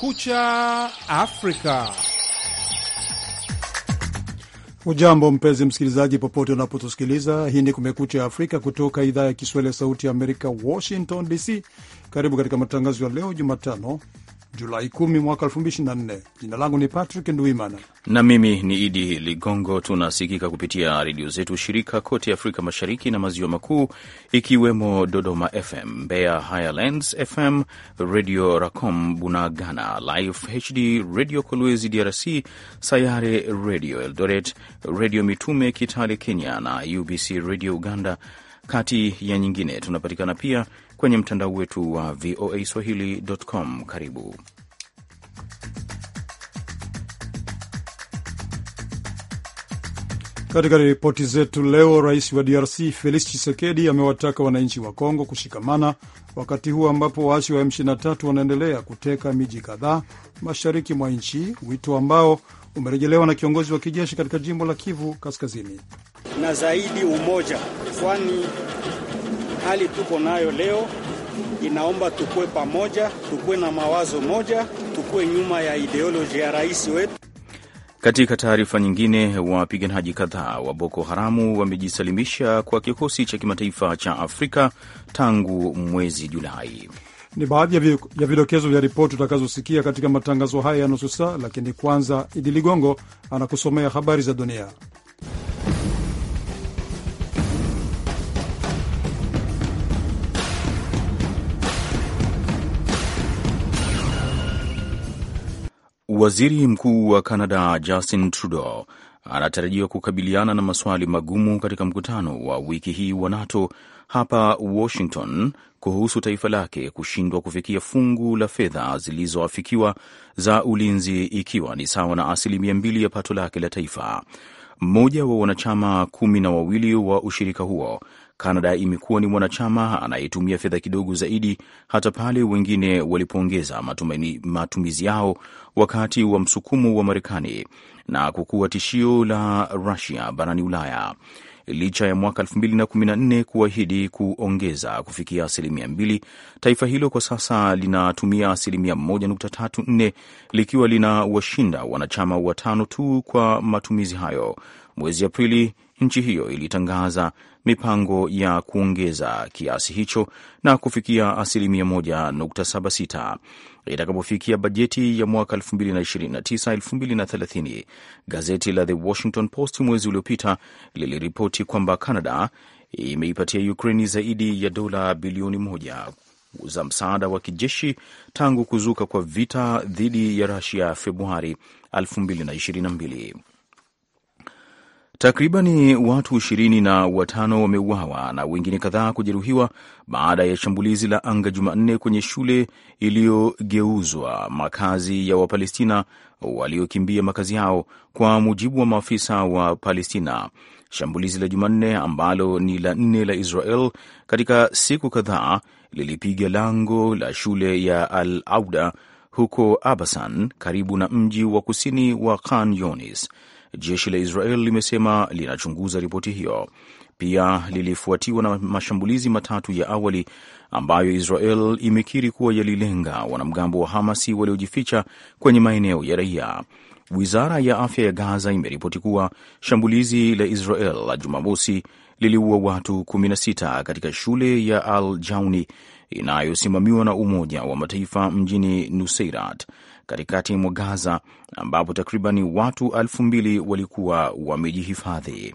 Kumekucha Afrika. Ujambo mpenzi msikilizaji, popote unapotusikiliza. Hii ni Kumekucha Afrika kutoka idhaa ya Kiswahili ya Sauti ya Amerika, Washington DC. Karibu katika matangazo ya leo Jumatano, Julai 10 mwaka 2024. Jina langu ni Patrick Nduimana na mimi ni Idi Ligongo. Tunasikika kupitia redio zetu shirika kote Afrika Mashariki na Maziwa Makuu, ikiwemo Dodoma FM, Mbeya Highlands FM, Redio Racom Bunagana, Life HD Radio Kolwezi DRC, Sayare Radio Eldoret, Redio Mitume Kitale Kenya na UBC Radio Uganda, kati ya nyingine. Tunapatikana pia kwenye mtandao wetu wa VOA Swahili.com. Karibu katika ripoti zetu leo. Rais wa DRC Felix Tshisekedi amewataka wananchi wa Kongo kushikamana wakati huu ambapo waasi wa M23 wanaendelea kuteka miji kadhaa mashariki mwa nchi, wito ambao umerejelewa na kiongozi wa kijeshi katika jimbo la Kivu Kaskazini na zaidi umoja, kwani hali tuko nayo leo inaomba tukuwe pamoja, tukuwe na mawazo moja, tukuwe nyuma ya ideoloji ya rais wetu. Katika taarifa nyingine, wapiganaji kadhaa wa Boko Haramu wamejisalimisha kwa kikosi cha kimataifa cha Afrika tangu mwezi Julai. Ni baadhi ya vidokezo vya ripoti utakazosikia katika matangazo haya ya nusu saa, lakini kwanza Idi Ligongo anakusomea habari za dunia. Waziri Mkuu wa Canada Justin Trudeau anatarajiwa kukabiliana na maswali magumu katika mkutano wa wiki hii wa NATO hapa Washington kuhusu taifa lake kushindwa kufikia fungu la fedha zilizoafikiwa za ulinzi ikiwa ni sawa na asilimia mbili ya pato lake la taifa. Mmoja wa wanachama kumi na wawili wa ushirika huo Kanada imekuwa ni mwanachama anayetumia fedha kidogo zaidi, hata pale wengine walipoongeza matumizi yao wakati wa msukumo wa Marekani na kukuwa tishio la Rusia barani Ulaya. Licha ya mwaka 2014 kuahidi kuongeza kufikia asilimia mbili, taifa hilo kwa sasa linatumia asilimia 1.34 likiwa lina washinda wanachama watano tu kwa matumizi hayo. Mwezi Aprili nchi hiyo ilitangaza mipango ya kuongeza kiasi hicho na kufikia asilimia 1.76 itakapofikia bajeti ya mwaka 2029-2030. Gazeti la The Washington Post mwezi uliopita liliripoti kwamba Canada imeipatia Ukraini zaidi ya dola bilioni moja za msaada wa kijeshi tangu kuzuka kwa vita dhidi ya Rusia Februari 2022. Takribani watu ishirini na watano wameuawa na wengine kadhaa kujeruhiwa baada ya shambulizi la anga Jumanne kwenye shule iliyogeuzwa makazi ya Wapalestina waliokimbia makazi yao, kwa mujibu wa maafisa wa Palestina. Shambulizi la Jumanne ambalo ni la nne la Israel katika siku kadhaa lilipiga lango la shule ya Al Auda huko Abasan, karibu na mji wa kusini wa Khan yonis Jeshi la Israel limesema linachunguza ripoti hiyo. Pia lilifuatiwa na mashambulizi matatu ya awali ambayo Israel imekiri kuwa yalilenga wanamgambo wa Hamasi waliojificha kwenye maeneo ya raia. Wizara ya afya ya Gaza imeripoti kuwa shambulizi la Israel la Jumamosi liliua watu 16 katika shule ya Al Jauni inayosimamiwa na Umoja wa Mataifa mjini Nuseirat katikati mwa Gaza ambapo takriban watu elfu mbili walikuwa wamejihifadhi.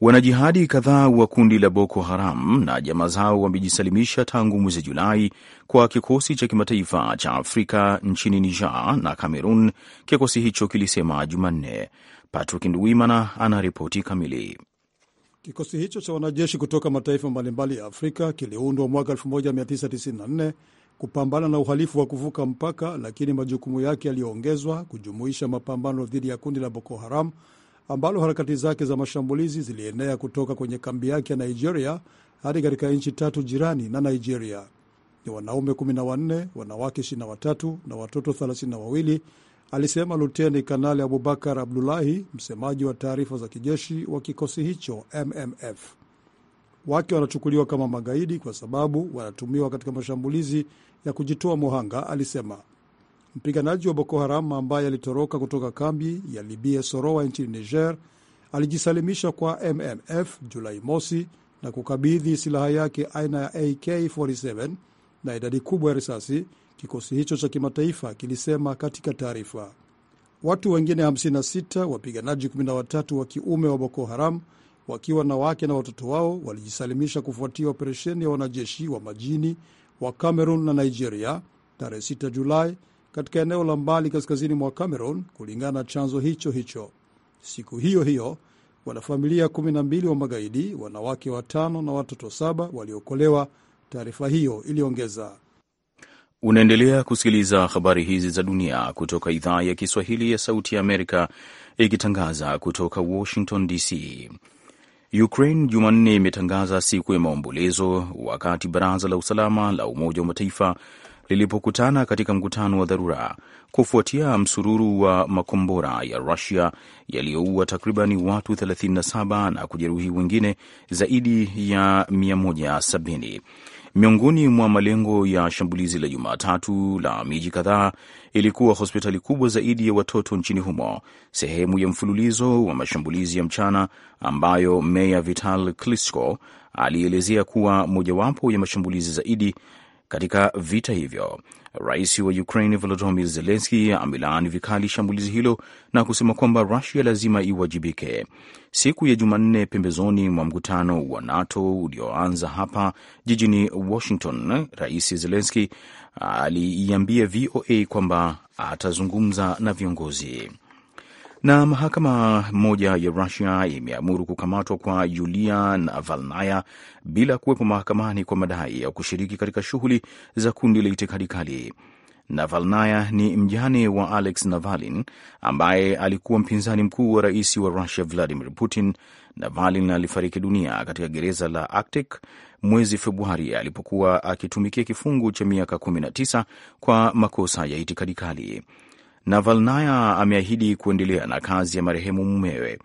Wanajihadi kadhaa wa kundi la Boko Haram na jamaa zao wamejisalimisha tangu mwezi Julai kwa kikosi cha kimataifa cha Afrika nchini Niger na cameron kikosi hicho kilisema Jumanne. Patrick Nduwimana anaripoti kamili. Kikosi hicho cha wanajeshi kutoka mataifa mbalimbali ya Afrika kiliundwa mwaka 1994 kupambana na uhalifu wa kuvuka mpaka, lakini majukumu yake yaliyoongezwa kujumuisha mapambano dhidi ya kundi la Boko Haram ambalo harakati zake za mashambulizi zilienea kutoka kwenye kambi yake ya Nigeria hadi katika nchi tatu jirani na Nigeria. Ni wanaume 14, wanawake 23 na watoto 32, alisema Luteni Kanali Abubakar Abdulahi, msemaji wa taarifa za kijeshi wa kikosi hicho MMF wake wanachukuliwa kama magaidi kwa sababu wanatumiwa katika mashambulizi ya kujitoa muhanga, alisema. Mpiganaji wa Boko Haram ambaye alitoroka kutoka kambi ya Libia Sorowa nchini Niger alijisalimisha kwa MMF Julai mosi na kukabidhi silaha yake aina ya AK47 na idadi kubwa ya risasi, kikosi hicho cha kimataifa kilisema katika taarifa. Watu wengine 56 wapiganaji 13 wa kiume wa Boko Haram wakiwa na wake na watoto wao walijisalimisha kufuatia operesheni ya wanajeshi wa majini wa Cameron na Nigeria tarehe 6 Julai katika eneo la mbali kaskazini mwa Cameron, kulingana na chanzo hicho hicho. Siku hiyo hiyo wanafamilia 12 wa magaidi, wanawake watano na watoto saba waliokolewa, taarifa hiyo iliongeza. Unaendelea kusikiliza habari hizi za dunia kutoka idhaa ya Kiswahili ya Sauti ya Amerika, ikitangaza kutoka Washington DC. Ukraine Jumanne imetangaza siku ya maombolezo wakati baraza la usalama la Umoja wa Mataifa lilipokutana katika mkutano wa dharura kufuatia msururu wa makombora ya Rusia yaliyoua takribani watu 37 na kujeruhi wengine zaidi ya 170. Miongoni mwa malengo ya shambulizi la Jumatatu la miji kadhaa ilikuwa hospitali kubwa zaidi ya watoto nchini humo, sehemu ya mfululizo wa mashambulizi ya mchana ambayo meya Vital Klitschko alielezea kuwa mojawapo ya mashambulizi zaidi katika vita hivyo, rais wa Ukraine Volodymyr zelenski amelaani vikali shambulizi hilo na kusema kwamba Rusia lazima iwajibike. Siku ya Jumanne, pembezoni mwa mkutano wa NATO ulioanza hapa jijini Washington, rais zelenski aliiambia VOA kwamba atazungumza na viongozi na mahakama moja ya Rusia imeamuru kukamatwa kwa Yulia Navalnaya bila kuwepo mahakamani kwa madai ya kushiriki katika shughuli za kundi la itikadi kali. Navalnaya ni mjane wa Alex Navalin ambaye alikuwa mpinzani mkuu wa rais wa Russia Vladimir Putin. Navalin alifariki dunia katika gereza la Arctic mwezi Februari alipokuwa akitumikia kifungu cha miaka 19 kwa makosa ya itikadi kali. Navalnaya ameahidi kuendelea na kazi ya marehemu mumewe.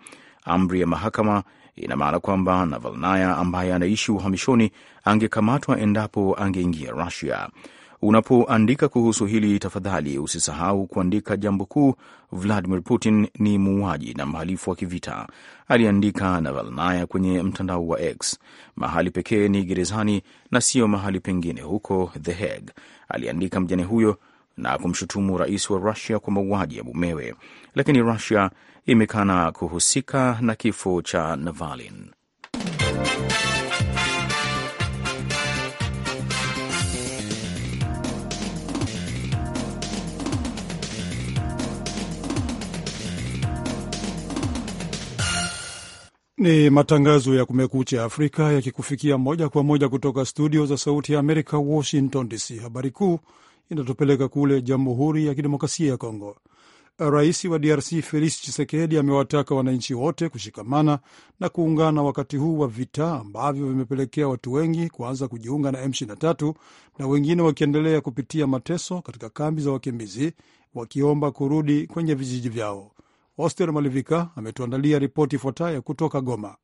Amri ya mahakama ina maana kwamba Navalnaya ambaye anaishi uhamishoni angekamatwa endapo angeingia Rusia. Unapoandika kuhusu hili, tafadhali usisahau kuandika jambo kuu: Vladimir Putin ni muuaji na mhalifu wa kivita, aliandika Navalnaya kwenye mtandao wa X. Mahali pekee ni gerezani na sio mahali pengine huko The Hague, aliandika mjane huyo na kumshutumu rais wa Rusia kwa mauaji ya mumewe, lakini Rusia imekana kuhusika na kifo cha navalin Ni matangazo ya Kumekucha Afrika yakikufikia moja kwa moja kutoka studio za Sauti ya Amerika, Washington DC. Habari kuu inatopeleka kule Jamhuri ya Kidemokrasia ya Kongo. Rais wa DRC Felix Tshisekedi amewataka wananchi wote kushikamana na kuungana wakati huu wa vita ambavyo vimepelekea watu wengi kuanza kujiunga na M23 na wengine wakiendelea kupitia mateso katika kambi za wakimbizi wakiomba kurudi kwenye vijiji vyao. Oster Malivika ametuandalia ripoti ifuatayo kutoka Goma.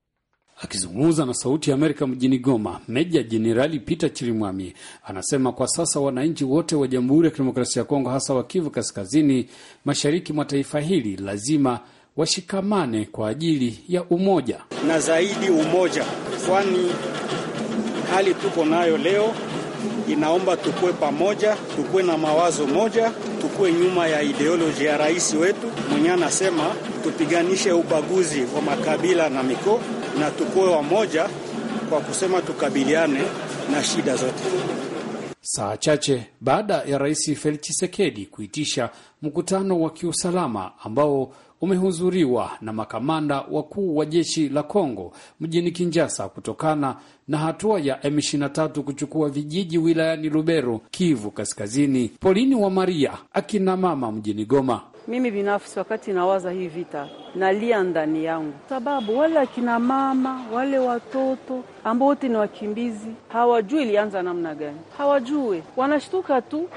Akizungumza na Sauti ya Amerika mjini Goma, Meja Jenerali Peter Chirimwami anasema kwa sasa wananchi wote wa Jamhuri ya Kidemokrasia ya Kongo, hasa wa Kivu Kaskazini, mashariki mwa taifa hili, lazima washikamane kwa ajili ya umoja na zaidi umoja, kwani hali tuko nayo leo inaomba tukuwe pamoja, tukuwe na mawazo moja, tukuwe nyuma ya ideoloji ya rais wetu mwenyewe anasema tupiganishe ubaguzi wa makabila na mikoa na tukuwe wamoja kwa kusema tukabiliane na shida zote. Saa chache baada ya Rais Felix Tshisekedi kuitisha mkutano wa kiusalama ambao umehudhuriwa na makamanda wakuu wa jeshi la Kongo mjini Kinshasa kutokana na hatua ya M23 kuchukua vijiji wilayani Lubero, Kivu Kaskazini. Polini wa Maria, akina mama mjini Goma. Mimi binafsi wakati nawaza hii vita nalia ndani yangu, sababu wale akina mama wale watoto ambao wote ni wakimbizi hawajui ilianza namna gani, hawajue, wanashtuka tu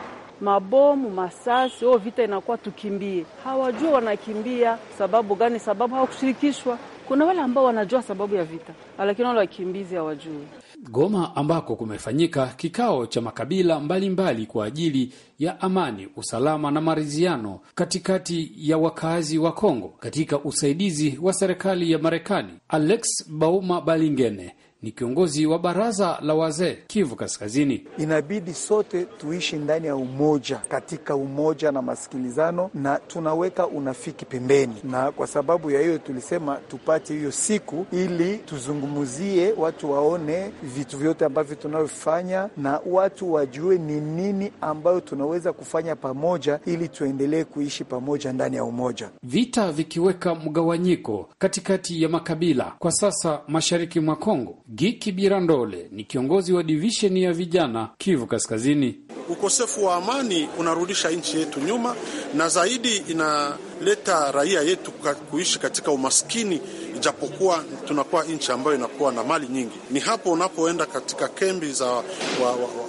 mabomu, masasi, o, oh, vita inakuwa tukimbie. Hawajue wanakimbia sababu gani? Sababu hawakushirikishwa. Kuna wale ambao wanajua sababu ya vita, lakini wale wakimbizi hawajui. Goma ambako kumefanyika kikao cha makabila mbalimbali mbali kwa ajili ya amani, usalama na maridhiano katikati ya wakazi wa Kongo katika usaidizi wa serikali ya Marekani. Alex Bauma Balingene ni kiongozi wa baraza la wazee Kivu Kaskazini. Inabidi sote tuishi ndani ya umoja, katika umoja na masikilizano, na tunaweka unafiki pembeni, na kwa sababu ya hiyo tulisema tupate hiyo siku ili tuzungumzie, watu waone vitu vyote ambavyo tunavyofanya, na watu wajue ni nini ambayo tunaweza kufanya pamoja, ili tuendelee kuishi pamoja ndani ya umoja. Vita vikiweka mgawanyiko katikati ya makabila kwa sasa mashariki mwa Kongo Giki Birandole ni kiongozi wa divisheni ya vijana Kivu Kaskazini. Ukosefu wa amani unarudisha nchi yetu nyuma, na zaidi inaleta raia yetu kuishi katika umaskini japokuwa tunakuwa nchi ambayo inakuwa na mali nyingi. Ni hapo unapoenda katika kambi za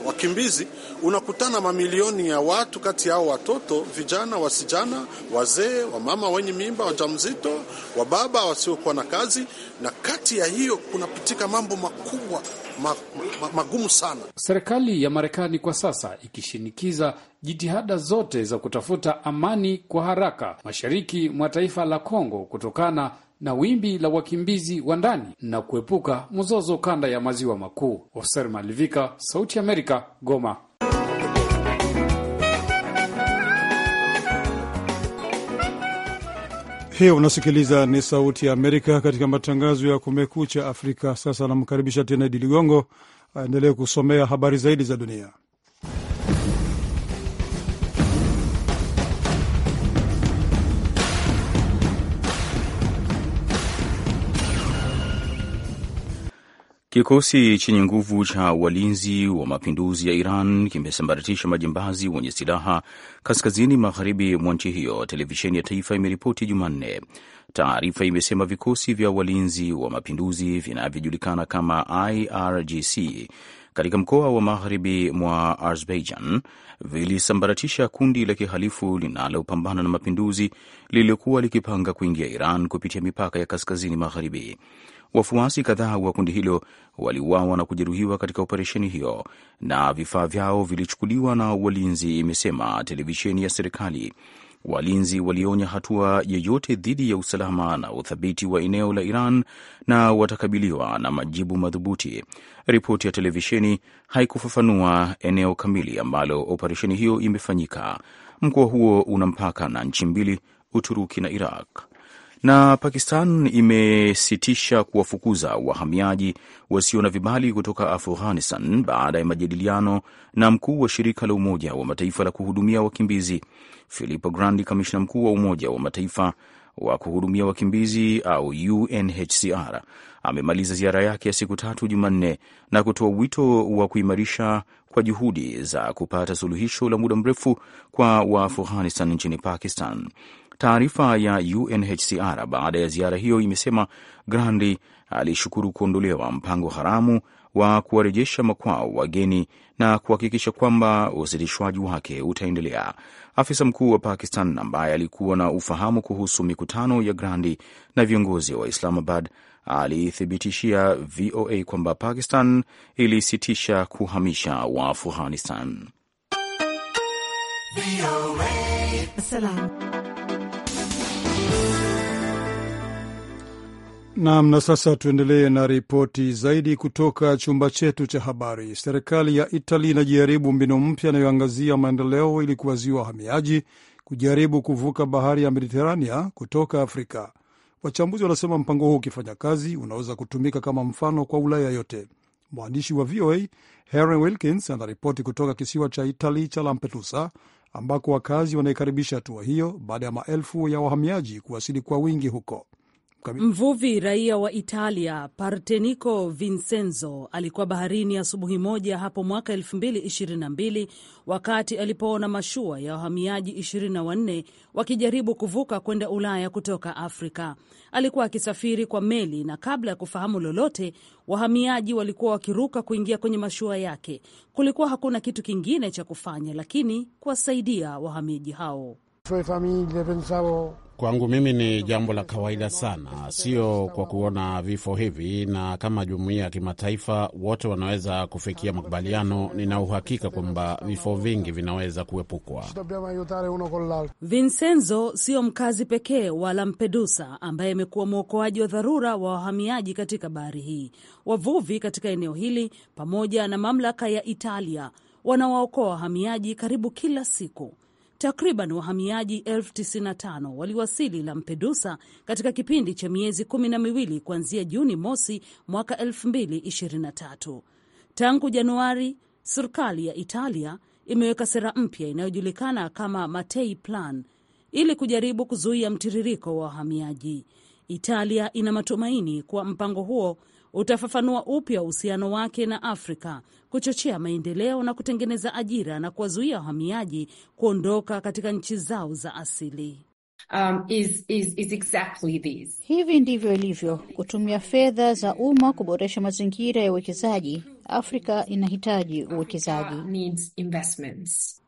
wakimbizi wa, wa, wa unakutana mamilioni ya watu, kati yao watoto, vijana, wasijana, wazee, wamama wenye mimba, wajamzito, wababa wasiokuwa na kazi, na kati ya hiyo kunapitika mambo makubwa ma, ma, magumu sana. Serikali ya Marekani kwa sasa ikishinikiza jitihada zote za kutafuta amani kwa haraka mashariki mwa taifa la Kongo kutokana na wimbi la wakimbizi wa ndani na kuepuka mzozo kanda ya maziwa makuu. Oser Malivika, Sauti ya Amerika, Goma. Hiyo unasikiliza ni Sauti ya Amerika katika matangazo ya Kumekucha Afrika. Sasa anamkaribisha tena Idi Ligongo aendelee kusomea habari zaidi za dunia. Kikosi chenye nguvu cha walinzi wa mapinduzi ya Iran kimesambaratisha majambazi wenye silaha kaskazini magharibi mwa nchi hiyo, televisheni ya taifa imeripoti Jumanne. Taarifa imesema vikosi vya walinzi wa mapinduzi vinavyojulikana kama IRGC katika mkoa wa magharibi mwa Azerbaijan vilisambaratisha kundi la kihalifu linalopambana na mapinduzi lililokuwa likipanga kuingia Iran kupitia mipaka ya kaskazini magharibi. Wafuasi kadhaa wa kundi hilo waliuawa na kujeruhiwa katika operesheni hiyo na vifaa vyao vilichukuliwa na walinzi, imesema televisheni ya serikali. Walinzi walionya hatua yeyote dhidi ya usalama na uthabiti wa eneo la Iran na watakabiliwa na majibu madhubuti. Ripoti ya televisheni haikufafanua eneo kamili ambalo operesheni hiyo imefanyika. Mkoa huo una mpaka na nchi mbili, Uturuki na Iraq. Na Pakistan imesitisha kuwafukuza wahamiaji wasio na vibali kutoka Afghanistan baada ya majadiliano na mkuu wa shirika la Umoja wa Mataifa la kuhudumia wakimbizi Filippo Grandi, kamishna mkuu wa Umoja wa Mataifa wa kuhudumia wakimbizi au UNHCR amemaliza ziara yake ya siku tatu Jumanne na kutoa wito wa kuimarisha kwa juhudi za kupata suluhisho la muda mrefu kwa Waafghanistan nchini Pakistan. Taarifa ya UNHCR baada ya ziara hiyo imesema Grandi alishukuru kuondolewa mpango haramu wa kuwarejesha makwao wageni na kuhakikisha kwamba usitishwaji wake utaendelea. Afisa mkuu wa Pakistan ambaye alikuwa na ufahamu kuhusu mikutano ya Grandi na viongozi wa Islamabad alithibitishia VOA kwamba Pakistan ilisitisha kuhamisha wa Afghanistan. Nam, na sasa tuendelee na ripoti zaidi kutoka chumba chetu cha habari. Serikali ya Itali inajaribu mbinu mpya inayoangazia maendeleo ili kuwaziwa wahamiaji kujaribu kuvuka bahari ya Mediterania kutoka Afrika. Wachambuzi wanasema mpango huu ukifanya kazi unaweza kutumika kama mfano kwa Ulaya yote. Mwandishi wa VOA Henry Wilkins anaripoti kutoka kisiwa cha Itali cha Lampedusa ambako wakazi wanaikaribisha hatua hiyo baada ya maelfu ya wahamiaji kuwasili kwa wingi huko. Mvuvi raia wa Italia Partenico Vincenzo alikuwa baharini asubuhi moja hapo mwaka 2022 wakati alipoona mashua ya wahamiaji 24 wakijaribu kuvuka kwenda Ulaya kutoka Afrika. Alikuwa akisafiri kwa meli, na kabla ya kufahamu lolote, wahamiaji walikuwa wakiruka kuingia kwenye mashua yake. Kulikuwa hakuna kitu kingine cha kufanya lakini kuwasaidia wahamiaji hao. Kwangu mimi ni jambo la kawaida sana, sio kwa kuona vifo hivi, na kama jumuiya ya kimataifa wote wanaweza kufikia makubaliano, nina uhakika kwamba vifo vingi vinaweza kuepukwa. Vincenzo sio mkazi pekee wa Lampedusa ambaye amekuwa mwokoaji wa dharura wa wahamiaji katika bahari hii. Wavuvi katika eneo hili pamoja na mamlaka ya Italia wanawaokoa wahamiaji karibu kila siku. Takriban wahamiaji elfu tisini na tano waliwasili Lampedusa katika kipindi cha miezi kumi na miwili kuanzia Juni mosi mwaka 2023. Tangu Januari, serikali ya Italia imeweka sera mpya inayojulikana kama Matei Plan ili kujaribu kuzuia mtiririko wa wahamiaji. Italia ina matumaini kuwa mpango huo utafafanua upya uhusiano wake na Afrika, kuchochea maendeleo na kutengeneza ajira na kuwazuia wahamiaji kuondoka katika nchi zao za asili. Um, is, is, is exactly this. Hivi ndivyo ilivyo kutumia fedha za umma kuboresha mazingira ya uwekezaji. Afrika inahitaji uwekezaji.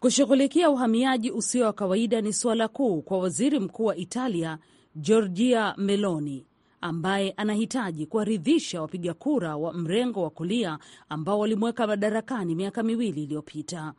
Kushughulikia uhamiaji usio wa kawaida ni suala kuu kwa waziri mkuu wa Italia Giorgia Meloni ambaye anahitaji kuwaridhisha wapiga kura wa mrengo wa kulia ambao walimweka madarakani miaka miwili iliyopita.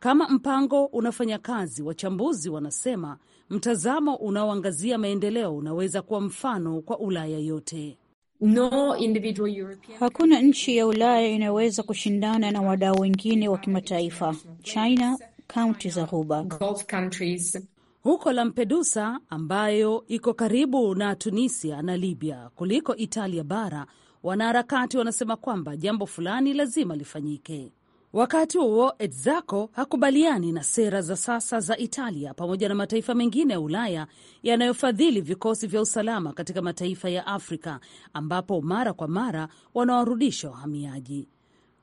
Kama mpango unafanya kazi, wachambuzi wanasema mtazamo unaoangazia maendeleo unaweza kuwa mfano kwa Ulaya yote. No individual European... hakuna nchi ya Ulaya inayoweza kushindana na wadau wengine wa kimataifa, China, kaunti za Ghuba, Gulf countries huko Lampedusa ambayo iko karibu na Tunisia na Libya kuliko Italia bara, wanaharakati wanasema kwamba jambo fulani lazima lifanyike. Wakati huo Etzaco hakubaliani na sera za sasa za Italia pamoja na mataifa mengine ya Ulaya yanayofadhili vikosi vya usalama katika mataifa ya Afrika ambapo mara kwa mara wanawarudisha wahamiaji.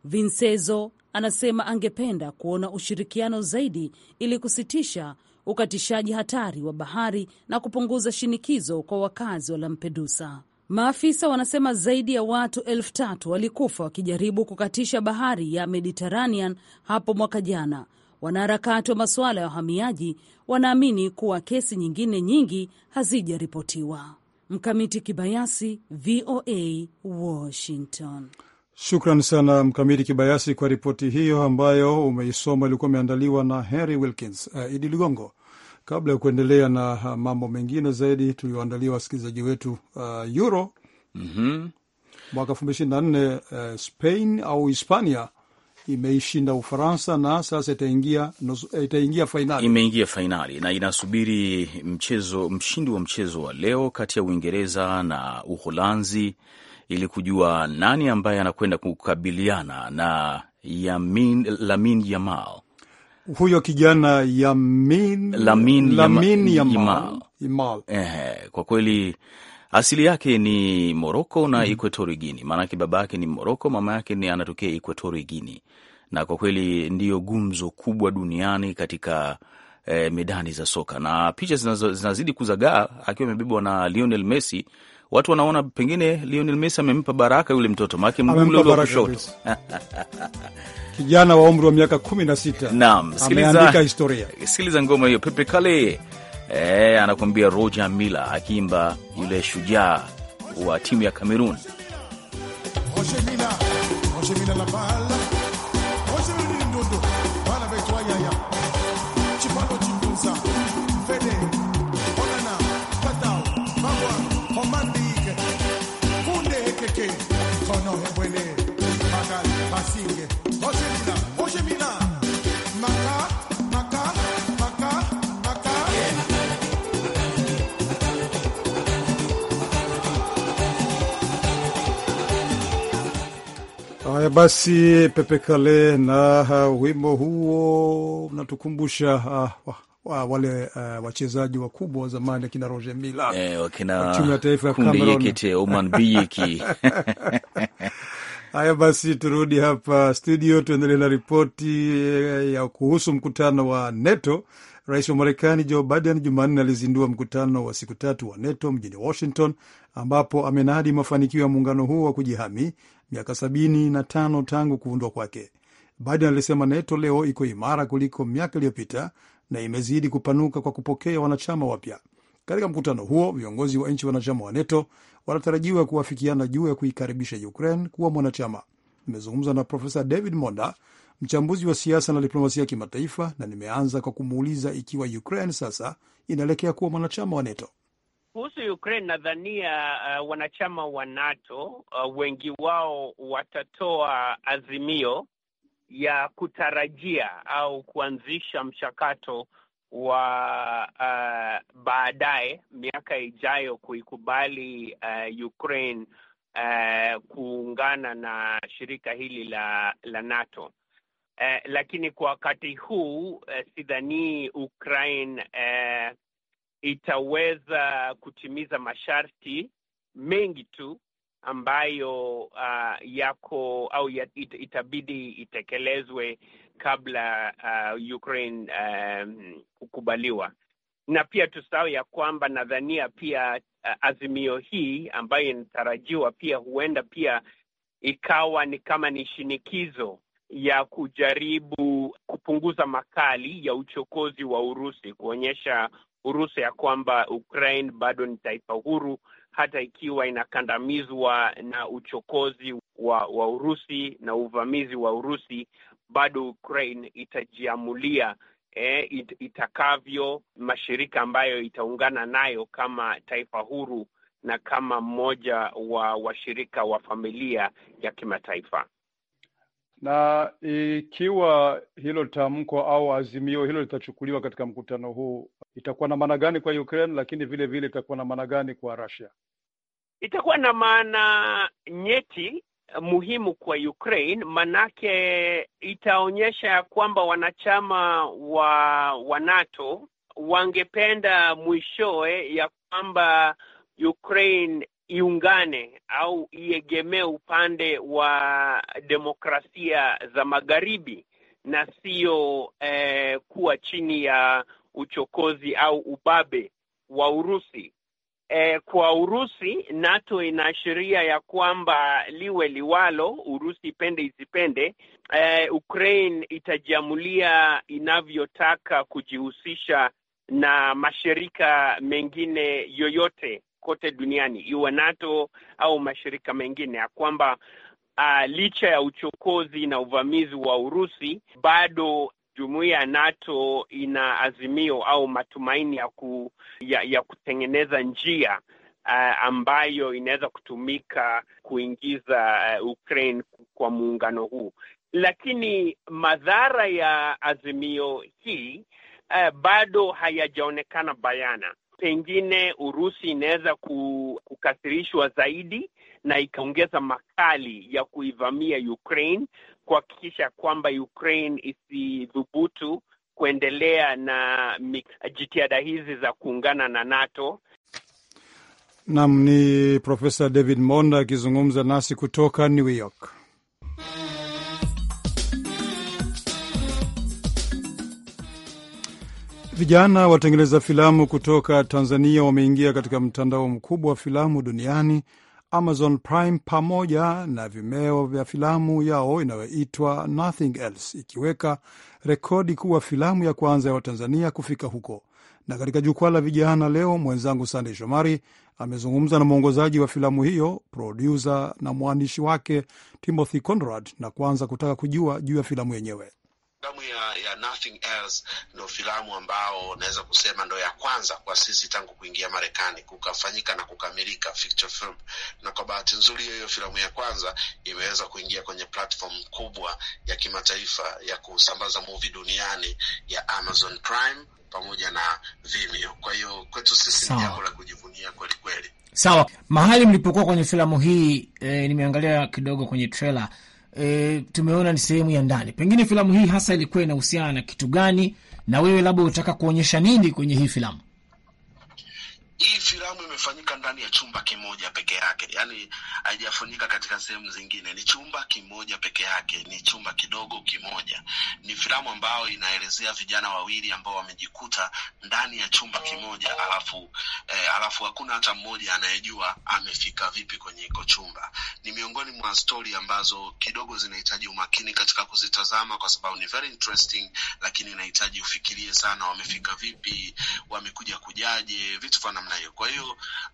Vincenzo anasema angependa kuona ushirikiano zaidi ili kusitisha ukatishaji hatari wa bahari na kupunguza shinikizo kwa wakazi wa Lampedusa. Maafisa wanasema zaidi ya watu elfu tatu walikufa wakijaribu kukatisha bahari ya Mediterranean hapo mwaka jana. Wanaharakati wa masuala ya wahamiaji wanaamini kuwa kesi nyingine nyingi hazijaripotiwa. Mkamiti Kibayasi, VOA, Washington. Shukran sana Mkamiti Kibayasi kwa ripoti hiyo ambayo umeisoma, ilikuwa imeandaliwa na Henry Wilkins. Uh, Idi Ligongo, kabla ya kuendelea na uh, mambo mengine zaidi tulioandalia wasikilizaji wetu, uh, Euro mm -hmm. mwaka elfu mbili ishirini na nne uh, Spain au Hispania imeishinda Ufaransa na sasa itaingia eh, itaingia fainali, imeingia fainali na inasubiri mchezo mshindi wa mchezo wa leo kati ya Uingereza na Uholanzi ili kujua nani ambaye anakwenda kukabiliana na Yamin, Lamin Yamal huyo kijana Yamin, Lamin, Lamin Yamal, Yamal. Yamal. Ehe, kwa kweli asili yake ni Moroko na mm. Equatori Guini, maanake baba yake ni Moroko, mama yake ni anatokea Equatori Guini, na kwa kweli ndiyo gumzo kubwa duniani katika eh, medani za soka na picha zinazidi kuzagaa akiwa amebebwa na Lionel Messi watu wanaona pengine Lionel Messi amempa baraka yule mtoto, maake mguu ule kushoto kijana wa umri wa miaka kumi na sita. ameandika historia. Sikiliza ngoma hiyo, Pepe Kale e, eh, anakuambia Roger Miller akiimba yule shujaa wa timu ya Cameroon Roger Miller, Roger Miller basi Pepe Kale na uh, wimbo huo unatukumbusha uh, wa, wale uh, wachezaji wakubwa wa zamani akina Roger Mila eh, wakina timu ya taifa ya Cameroon Haya basi, turudi hapa studio, tuendelee na ripoti eh, ya kuhusu mkutano wa NATO. Rais wa Marekani Joe Biden Jumanne alizindua mkutano wa siku tatu wa NATO mjini Washington, ambapo amenadi mafanikio ya muungano huo wa kujihami miaka sabini na tano tangu kuundwa kwake. Biden alisema NATO leo iko imara kuliko miaka iliyopita na imezidi kupanuka kwa kupokea wanachama wapya. Katika mkutano huo, viongozi wa nchi wanachama wa NATO wanatarajiwa kuwafikiana juu ya kuikaribisha Ukraine kuwa mwanachama. Nimezungumza na Profesa David Monda, mchambuzi wa siasa na diplomasia ya kimataifa, na nimeanza kwa kumuuliza ikiwa Ukraine sasa inaelekea kuwa mwanachama wa NATO. Kuhusu Ukraine nadhania uh, wanachama wa NATO uh, wengi wao watatoa azimio ya kutarajia au kuanzisha mchakato wa uh, baadaye miaka ijayo kuikubali uh, Ukraine uh, kuungana na shirika hili la la NATO uh, lakini kwa wakati huu uh, sidhanii Ukraine uh, itaweza kutimiza masharti mengi tu ambayo uh, yako au ya, it, itabidi itekelezwe kabla uh, Ukraine um, kukubaliwa. Na pia tusahau ya kwamba nadhania pia uh, azimio hii ambayo inatarajiwa pia huenda pia ikawa ni kama ni shinikizo ya kujaribu kupunguza makali ya uchokozi wa Urusi, kuonyesha Urusi ya kwamba Ukraine bado ni taifa huru hata ikiwa inakandamizwa na uchokozi wa, wa Urusi na uvamizi wa Urusi, bado Ukraine itajiamulia eh, it, itakavyo mashirika ambayo itaungana nayo kama taifa huru na kama mmoja wa washirika wa familia ya kimataifa na ikiwa hilo tamko au azimio hilo litachukuliwa katika mkutano huu, itakuwa na maana gani kwa Ukraine, lakini vile vile itakuwa na maana gani kwa Russia? Itakuwa na maana nyeti eh, muhimu kwa Ukraine, manake itaonyesha ya kwamba wanachama wa wa NATO wangependa mwishowe ya kwamba Ukraine iungane au iegemee upande wa demokrasia za magharibi na siyo eh, kuwa chini ya uchokozi au ubabe wa Urusi. Eh, kwa Urusi, NATO ina sheria ya kwamba liwe liwalo, Urusi ipende isipende, eh, Ukraine itajiamulia inavyotaka kujihusisha na mashirika mengine yoyote kote duniani, iwe NATO au mashirika mengine, ya kwamba uh, licha ya uchokozi na uvamizi wa Urusi bado jumuiya ya NATO ina azimio au matumaini ya, ku, ya, ya kutengeneza njia uh, ambayo inaweza kutumika kuingiza uh, Ukraine kwa muungano huu, lakini madhara ya azimio hii uh, bado hayajaonekana bayana pengine Urusi inaweza kukasirishwa zaidi na ikaongeza makali ya kuivamia Ukraine kuhakikisha kwamba Ukraine isidhubutu kuendelea na jitihada hizi za kuungana na NATO. Nam ni Profesa David Monda akizungumza nasi kutoka New York. Vijana watengeneza filamu kutoka Tanzania wameingia katika mtandao mkubwa wa filamu duniani Amazon Prime pamoja na Vimeo vya filamu yao inayoitwa Nothing Else, ikiweka rekodi kuwa filamu ya kwanza ya Watanzania kufika huko. Na katika jukwaa la vijana leo, mwenzangu Sandey Shomari amezungumza na mwongozaji wa filamu hiyo, produsa na mwandishi wake Timothy Conrad, na kuanza kutaka kujua juu ya filamu yenyewe. Filamu ya, ya Nothing Else ndo filamu ambao naweza kusema ndo ya kwanza kwa sisi tangu kuingia Marekani kukafanyika na kukamilika feature film, na kwa bahati nzuri hiyo filamu ya kwanza imeweza kuingia kwenye platform kubwa ya kimataifa ya kusambaza movie duniani ya Amazon Prime pamoja na Vimeo. Kwa hiyo kwetu sisi ni jambo la kujivunia kweli kweli. Sawa, mahali mlipokuwa kwenye filamu hii eh, nimeangalia kidogo kwenye trailer e, tumeona ni sehemu ya ndani. Pengine filamu hii hasa ilikuwa inahusiana na kitu gani, na wewe labda unataka kuonyesha nini kwenye hii filamu? Hii filamu imefanyika ndani ya chumba kimoja peke yake, yani haijafanyika katika sehemu zingine. Ni chumba kimoja peke yake, ni chumba kidogo kimoja. Ni filamu ambayo inaelezea vijana wawili ambao wamejikuta ndani ya chumba kimoja, alafu eh, alafu hakuna hata mmoja anayejua amefika vipi kwenye iko chumba. Ni miongoni mwa stori ambazo kidogo zinahitaji umakini katika kuzitazama, kwa sababu ni very interesting, lakini inahitaji ufikirie sana, wamefika vipi, wamekuja kujaje, vitu vya namna hiyo. Kwa hiyo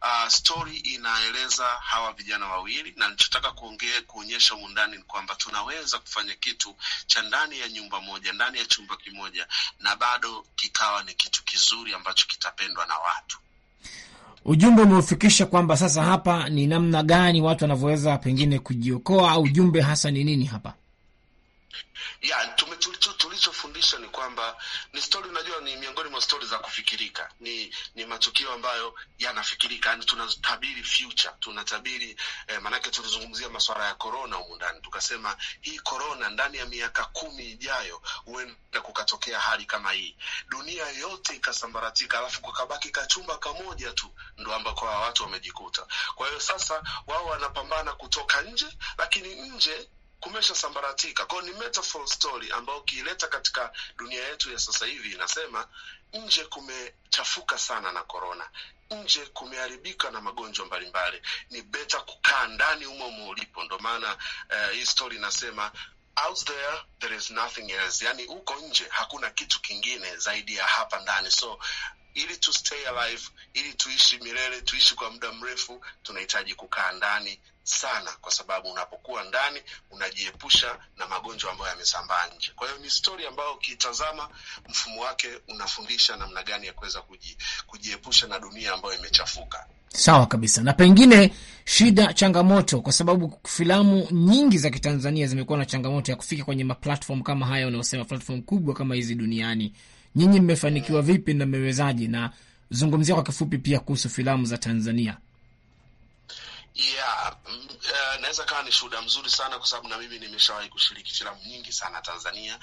uh, stori inaeleza hawa vijana wawili, na nichotaka kuongea kuonyesha ndani ni kwamba tunaweza kufanya kitu cha ndani ya nyumba moja, ndani ya chumba kimoja, na bado kikawa ni kitu kizuri ambacho kitapendwa na watu. Ujumbe umeufikisha kwamba sasa hapa ni namna gani watu wanavyoweza pengine kujiokoa, au ujumbe hasa ni nini hapa? ya tulichofundisha ni kwamba ni stori, unajua ni miongoni mwa stori za kufikirika, ni ni matukio ambayo yanafikirika, yani tunatabiri future, tunatabiri eh, maanake tulizungumzia masuala ya korona humu ndani, tukasema hii korona ndani ya miaka kumi ijayo huenda kukatokea hali kama hii, dunia yote ikasambaratika, alafu kukabaki kachumba kamoja tu ndo ambako watu wamejikuta. Kwa hiyo sasa wao wanapambana kutoka nje, lakini nje kumeshasambaratika. Kwao ni metaphor story ambayo ukiileta katika dunia yetu ya sasa hivi inasema nje kumechafuka sana na korona, nje kumeharibika na magonjwa mbalimbali, ni beta kukaa ndani humo ulipo. Ndo maana uh, hii story inasema Out there, there is nothing else. Yani huko nje hakuna kitu kingine zaidi ya hapa ndani, so ili tu stay alive, ili tuishi milele, tuishi kwa muda mrefu, tunahitaji kukaa ndani sana, kwa sababu unapokuwa ndani unajiepusha na magonjwa ambayo yamesambaa nje. Kwa hiyo ni stori ambayo ukiitazama, mfumo wake unafundisha namna gani ya kuweza kuji, kujiepusha na dunia ambayo imechafuka. Sawa kabisa. Na pengine shida, changamoto, kwa sababu filamu nyingi za Kitanzania zimekuwa na changamoto ya kufika kwenye maplatform kama haya unaosema, platform kubwa kama hizi duniani. Nyinyi mmefanikiwa vipi na mmewezaje? Na zungumzia kwa kifupi pia kuhusu filamu za Tanzania. Yeah, uh, naweza kawa ni shuhuda mzuri sana kwa sababu na mimi nimeshawahi kushiriki filamu nyingi sana Tanzania.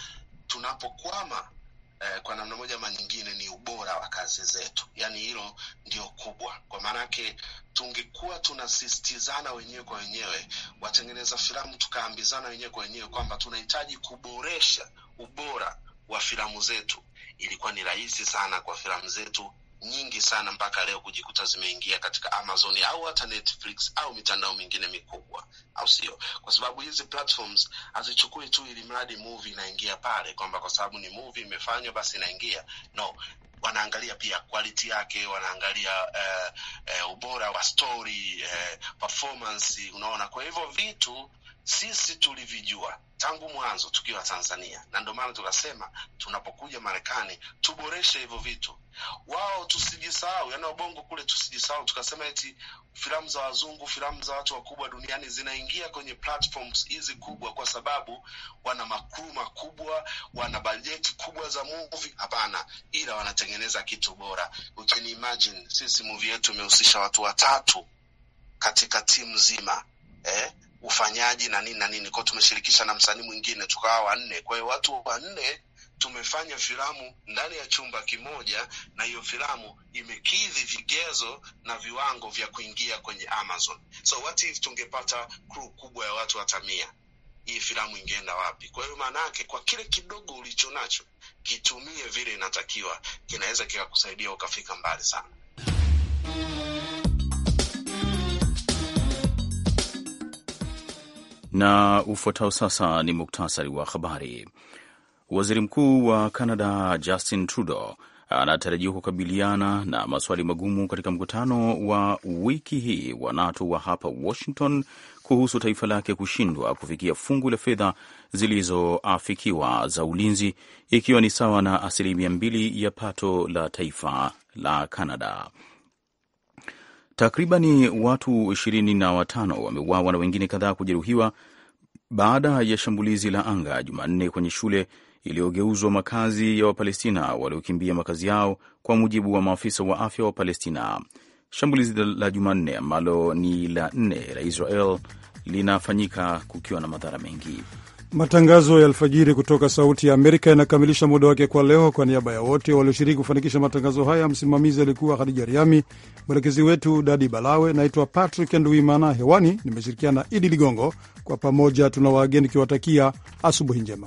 Tunapokwama eh, kwa namna moja ama nyingine ni ubora wa kazi zetu, yaani hilo ndio kubwa. Kwa maanake tungekuwa tunasisitizana wenyewe kwa wenyewe, watengeneza filamu tukaambizana wenyewe kwa wenyewe kwamba tunahitaji kuboresha ubora wa filamu zetu, ilikuwa ni rahisi sana kwa filamu zetu nyingi sana mpaka leo kujikuta zimeingia katika Amazon au hata Netflix au mitandao mingine mikubwa, au sio? Kwa sababu hizi platforms hazichukui tu ili mradi movie inaingia pale, kwamba kwa sababu ni movie imefanywa basi inaingia. No, wanaangalia pia quality yake, wanaangalia uh, uh, ubora wa story, uh, performance, unaona. Kwa hivyo vitu sisi tulivijua tangu mwanzo tukiwa Tanzania, na ndio maana tukasema tunapokuja Marekani tuboreshe hivyo vitu. Wao tusijisahau, yana wabongo kule tusijisahau, tukasema eti filamu za wazungu, filamu za watu wakubwa duniani zinaingia kwenye platforms hizi kubwa kwa sababu wana makuu makubwa, wana bajeti kubwa za movie. Hapana, ila wanatengeneza kitu bora. You can imagine, sisi movie yetu imehusisha watu watatu katika timu nzima eh? ufanyaji na nini na nini kwao. Tumeshirikisha na msanii mwingine, tukawa wanne. Kwa hiyo watu wanne tumefanya filamu ndani ya chumba kimoja, na hiyo filamu imekidhi vigezo na viwango vya kuingia kwenye Amazon. So what if tungepata crew kubwa ya watu hata mia, hii filamu ingeenda wapi? Kwa hiyo maana yake, kwa kile kidogo ulicho nacho kitumie vile inatakiwa, kinaweza kikakusaidia ukafika mbali sana. Na ufuatao sasa ni muktasari wa habari. Waziri Mkuu wa Canada Justin Trudeau anatarajiwa kukabiliana na maswali magumu katika mkutano wa wiki hii wa NATO wa hapa Washington kuhusu taifa lake kushindwa kufikia fungu la fedha zilizoafikiwa za ulinzi, ikiwa ni sawa na asilimia mbili ya pato la taifa la Canada. Takribani watu ishirini na watano wameuawa na wengine kadhaa kujeruhiwa baada ya shambulizi la anga Jumanne kwenye shule iliyogeuzwa makazi ya Wapalestina waliokimbia makazi yao, kwa mujibu wa maafisa wa afya wa Palestina. Shambulizi la Jumanne ambalo ni la nne la Israel linafanyika kukiwa na madhara mengi. Matangazo ya alfajiri kutoka Sauti ya Amerika yanakamilisha muda wake kwa leo. Kwa niaba ya wote walioshiriki kufanikisha matangazo haya, msimamizi alikuwa Hadija Riami, mwelekezi wetu Dadi Balawe. Naitwa Patrick Nduimana, hewani nimeshirikiana na Idi Ligongo. Kwa pamoja tuna wageni kiwatakia asubuhi njema.